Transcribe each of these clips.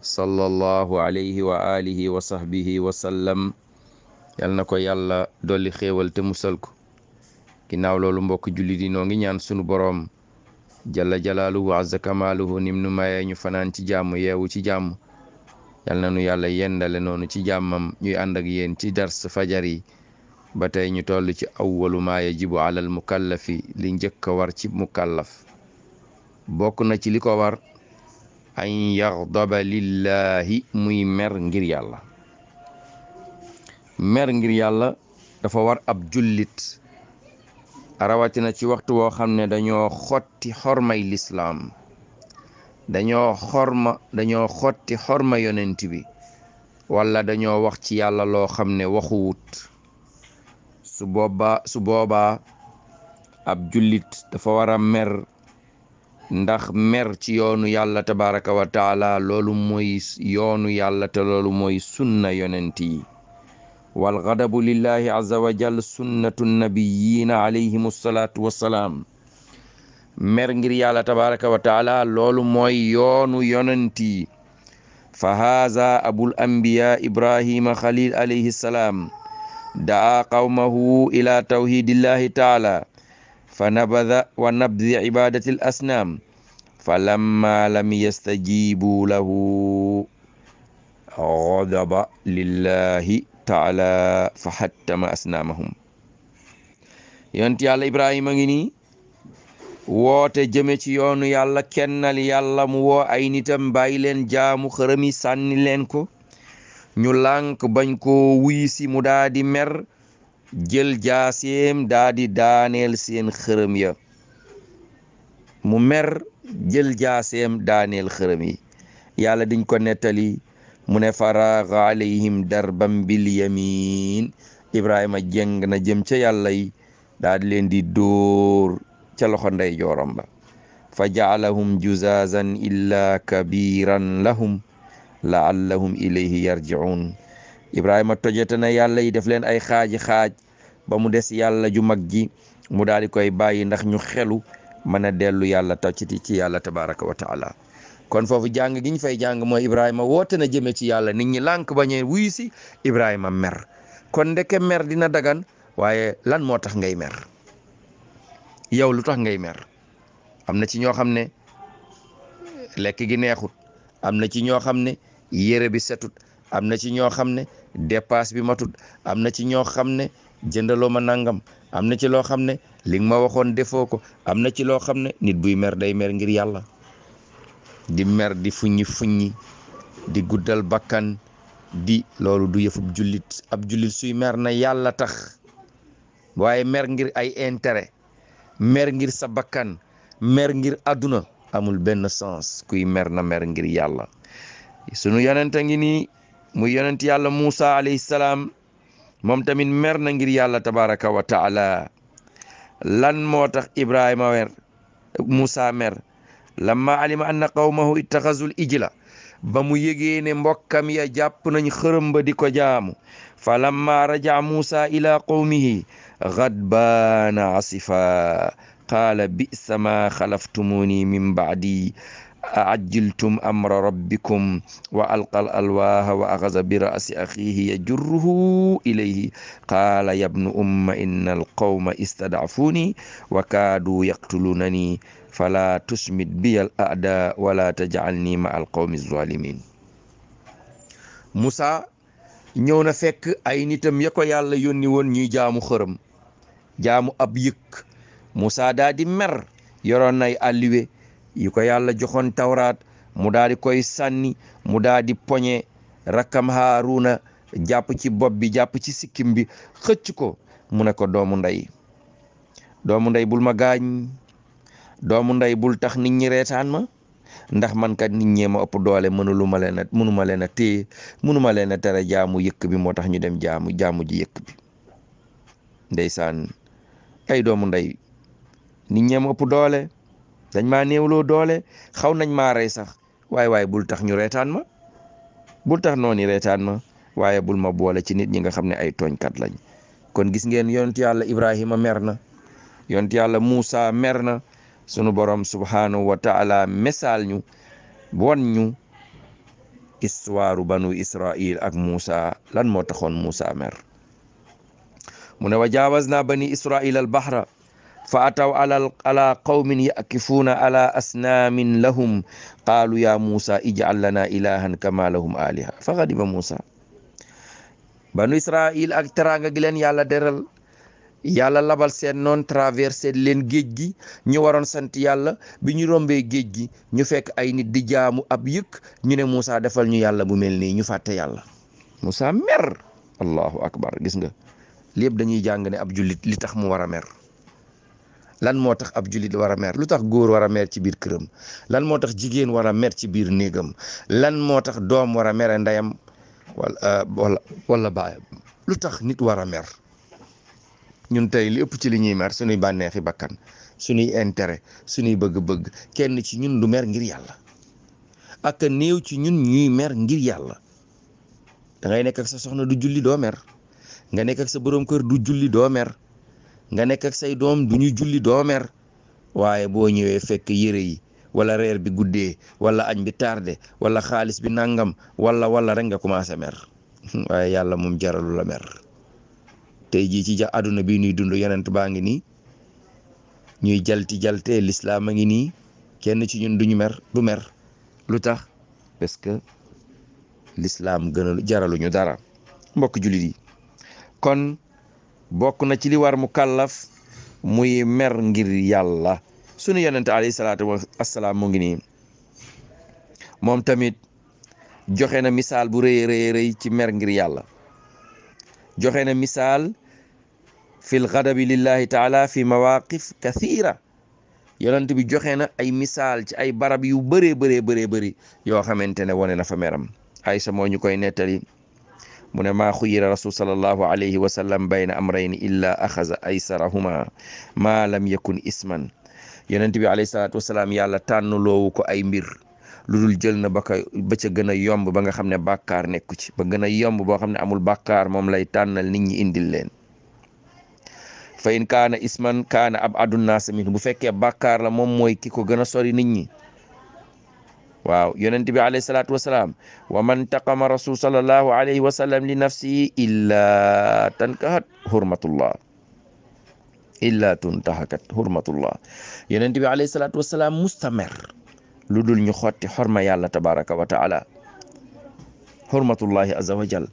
sallallahu alayhi wa alihi wa sahbihi wa sallam yal na ko yàlla dolli xéewal te musal ko ginnaaw loolu mbokk jullit yi noo ngi ñaan sunu boroom jalla jalaaluhu azza kamaaluhu nim nu mayee ñu fanaan ci jàmm yeewu ci jàmm yal na nu yàlla yendale noonu ci jàmmam ñuy ànd ak yéen ci dars fajar yi ba tey ñu toll ci awwalu maa yajibu alal mukallafi li njëkk a war ci mukallaf bokk na ci li ko war an yaxdaba lillaahi muy mer ngir yàlla mer ngir yàlla dafa war ab jullit rawatina ci waxtu woo xam ne dañoo xotti xormay lislaam dañoo xotti xorma yonent bi wala dañoo wax ci yàlla loo xam ne waxuwut su boobaa ab jullit dafa war a mer ndax mer yoonu yàlla tabaraka wa taala loolu mooy yàlla te loolu mooy sunna yonent yi wal gadabu lillahi azza wa jal sunnatu nabiyina alayhim salaatu wassalaam mer ngir yàlla tabaraka wa taala yoonu yonent yi fa haaza abul anbiya ibrahima xalil alayhi salaam daa qawmahu ila tawhidillahi taala fa nabada wa nabdi asnaam fa lamma lam yastajibu lahu gadaba lillahi taala fa xattama asnaamahum yonent yàlla ibrahima ngi nii woote jëme ci yoonu yàlla kennal yàlla mu woo ay nitam bàyyi jaamu xërëmi sànni leen ko ñu lànk bañ koo wuy si mu daa mer jël jaaseem daadi di daaneel seen xërëm ya mu mer jël jaaseem daaneel xërëm yi yàlla diñ ko nettali mu ne faraaga alayhim darban bil ibrahima jeng na jëm ca yàlla yi daa di leen di dóor ca loxo ndey jooram ba fa jaalahum juzazan illa kabiran lahum laallahum ilayhi yarjiun ibrahima tojete na yàlla yi def leen ay xaaj xaaj ba mu des yàlla ju mag ji mu daal di koy bàyyi ndax ñu xelu mën a dellu yàlla tàcciti ci yàlla tabaraka wa taala kon foofu jàng gi ñu fay jàng mooy ibrahima woote na jëme ci yàlla nit ñi lànk bañee wuyu si ibrahima mer kon ndeke mer dina dagan waaye lan moo tax ngay mer yow lu tax ngay mer am na ci ñoo xam ne lekk gi neexut am na ci ñoo xam ne yére bi setut am na ci ñoo xam ne dépasse bi matut am na ci ñoo xam ne jëndaloo ma nangam am na ci loo xam ne li nga ma waxoon defoo ko am na ci loo xam ne nit buy mer day mer ngir yàlla di mer di fuñi fuññi di guddal bakkan di loolu du yëfub jullit ab jullit suy mer na yàlla tax waaye mer ngir ay intérêt mer ngir sa bakkan mer ngir àdduna amul benn sens kuy mer na mer ngir yàlla sunu yonent ngi nii mu yonent yàlla Muusa alayhi salaam moom tamit mer na ngir yàlla tabaraka wa lan moo tax Ibrahima wer Muusa mer lamma alima anna qawmahu ittaxazul ijla ba mu yëgee ne mbokkam ya jàpp nañ xërëm di ko jaamu fa lamma raja Muusa ila qawmihi gadbaana asifa qaala bisa ma xalaftumuni min baadi ajiltum amra rabbikum wa alqal alwaaha wa axaza bi raasi axiihi yajurruhu ilayhi qaala yabnu umma inna alqawma istadcafuuni wa kaaduu yaqtuluunani falaa tusmit biya al aada wala tajcalnii ma alqawmi alzaalimiin Musaa ñëw na fekk ay nitam ya ko yàlla yónni woon ñuy jaamu xërëm jaamu ab yëkk Musaa daa di mer yoroon nay àlliwe yi ko yàlla joxoon tawraat mu daal di koy sànni mu daal di poñe rakkam haaruna jàpp ci bopp bi jàpp ci sikkim bi xëcc ko mu ne ko doomu nday doomu ndey bul ma gaañ doomu ndey bul tax nit ñi reetaan ma ndax man kat nit ñee ma ëpp doole mënulu ma leen a mënuma leen a téye mënuma leen a tere jaamu yëkk bi moo tax ñu dem jaamu jaamu ji yëkk bi ndeysaan ay doomu ndey nit ma ëpp doole dañ maa loo doole xaw nañ ma rey sax waaye waaye bul tax ñu reetaan ma bul tax noonu reetaan ma waaye bul ma boole ci nit ñi nga xam ne ay tooñkat lañ kon gis ngeen yonent yàlla Ibrahima mer na yonent yàlla Moussa mer na sunu borom subhanahu wa messal ñu won ñu histoire banu Israil ak Moussa lan moo taxoon Moussa mer mu ne wa jaawaz naa bani Israil al bahra fa ataw ala ala qawmin yakifuuna ala asnaamin lahum qaalu ya muusa ij'al lana ilahan kama lahum aliha fa xadiba muusa banu israil ak teranga gi leen yàlla deral yàlla labal seen noon traversé leen géej gi ñu waroon sant yàlla bi ñu rombee géej gi ñu fekk ay nit di jaamu ab yëkk ñu ne muusa defal ñu yàlla bu mel nii ñu fàtte yàlla Moussa mer allahu akbar gis nga lépp dañuy jàng ne ab jullit li tax mu war a mer lan moo tax ab jullit war a mer lu tax góor wara a mer ci biir këram lan moo tax jigéen war a mer ci biir néegam lan moo tax doom war a mere ndeyam euh, wala wala wala lu tax nit war a mer ñun tey li ëpp ci li ñuy mer suñuy bànneexi bakkan suñuy intérêt suñuy bëgg-bëgg kenn ci ñun du mer ngir yàlla ak néew ci ñun ñuy mer ngir yàlla dangay ngay nekk ak sa soxna du julli doo mer nga nekk ak sa borom kër du julli doo mer. nga nekk ak say doom du ñu julli doomer waaye boo ñëwee fekk yére yi wala reer bi guddee wala añ bi tardé wala xaalis bi nangam wala wala rek nga commencé mer waaye yàlla moom jaralu la mer tey jii ci ja àdduna bi ñuy dund yonent baa ngi nii ñuy jalti jalte lislaam a ngi nii kenn ci ñun duñu mer du mer lu tax parce que lislaam gënalu jaraluñu dara mbokk jullit yi kon bokk na ci li war mu kàllaf muy mer ngir yàlla sunu yonente alayhi salaatu wa mu ngi nii moom tamit joxe na misaal bu rëy rëy rëy ci mer ngir yàlla joxe na misaal fil xadabi lillahi taala fi mawaqif kathira yonent bi joxe na ay misaal ci ay barab yu bëree bëree bëree bëri yoo xamante ne wane na fa meram ay moo ñu koy nettali mu ne maa xuyira rasul sallallahu alayhi wa sallam bayna amrayni illa axaza aysarahuma maa lam yakun isman yonent bi alayhi salaatu wasalaam yàlla tànn loowu ko ay mbir lu dul jël na ba ko gën a yomb ba nga xam ne bàkkaar nekku ci ba gën a yomb boo xam ne amul bàkkaar moom lay tànnal nit ñi indil leen fa in kaana isman kaana ab adunnaasa min bu fekkee bàkkaar la moom mooy ki ko gën a sori nit ñi waaw yonent bi alayhi salaatu wasalaam wa man taqama rasul sallallahu alayhi wa sallam li nafsihi illaa tankahat hurmatullah illaa tuntahakat hurmatullah yonent bi alayhi salaatu wasalaam mustamer lu dul ñu xotti xorma yàlla tabaraka wa taala xormatullahi azza wa jal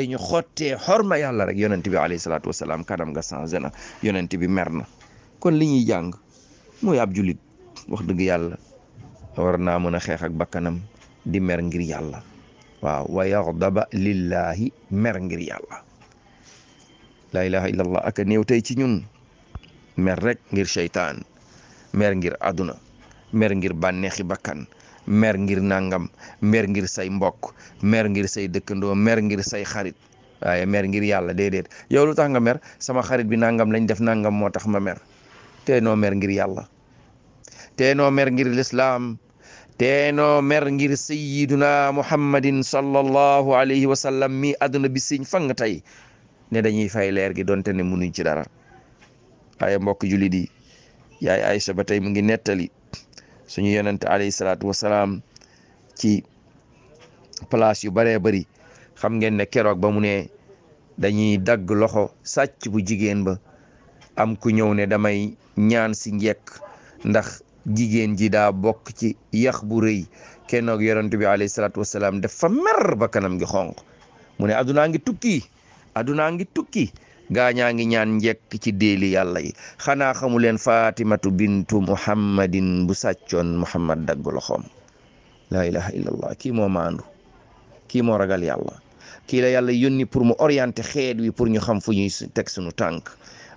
yi ñu xottee xorma yàlla rek yonent bi alayhi salaatu wasalaam kanam nga changé na yonent bi mer na kon li ñuy jàng mooy ab julit wax dëgg yàlla war naa mën a xeex ak bakkanam di mer ngir yàlla waaw wa yaxdaba lillahi mer ngir yàlla laa ilaha illallah ak néew tey ci ñun mer rek ngir seytaan mer ngir àdduna mer ngir bànneexi bakkan mer ngir nangam mer ngir say mbok mer ngir say dëkkandoo mer ngir say xarit waaye mer ngir yàlla déedéet yow lu tax nga mer sama xarit bi nangam lañ def nangam moo tax ma mer te noo mer ngir yàlla teenoo mer ngir lislaam teenoo mer ngir sayyiduna muhammadin sallallahu alayhi wa sallam mi àdduna bi fang tey ne dañuy fay leer gi donte ne munuñ ci dara waaye mbokk jullit yi yaay Aysa ba tey mu ngi nettali suñu yonent alayhi salaatu wasalaam ci place yu baree bari xam ngeen ne keroog ba mu ne dañuy dagg loxo sàcc bu jigéen ba am ku ñëw ne damay ñaan si njekk ndax jigéen ji daa bokk ci yax bu rëy kennoog yonent bi alayhi salaatu wasalaam dafa mer ba gi xonq mu ne adunaa ngi tukki adunaa ngi tukki gaañaa ngi ñaan njekk ci déeli yàlla yi xanaa xamu leen fatimatu bintu muhammadin bu sàccoon muhammad dagg loxoom laa ilaha illallah kii moo maandu kii moo ragal yàlla kii la yàlla yónni pour mu orienter xeet wi pour ñu xam fu ñuy teg suñu tànk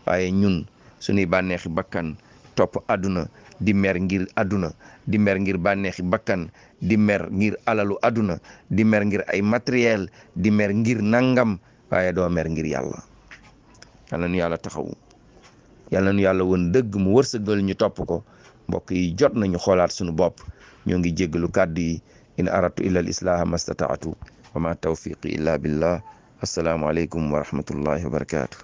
waaye ñun suñuy bànneexi bakkan topp àdduna di mer ngir àdduna di mer ngir bànneexi bakkan di mer ngir alalu àdduna di mer ngir ay matériel di mer ngir nangam waaye doo mer ngir yàlla yal na nu yàlla taxawu yal nu yàlla woon dëgg mu wërsëgal ñu topp ko mbokk yi jot nañu xoolaat sunu bopp ñoo ngi jéggalu kàddu yi in aratu illa al islaha mastataatu wa ma illa billah assalaamu aleykum wa rahmatullahi wa barakatuh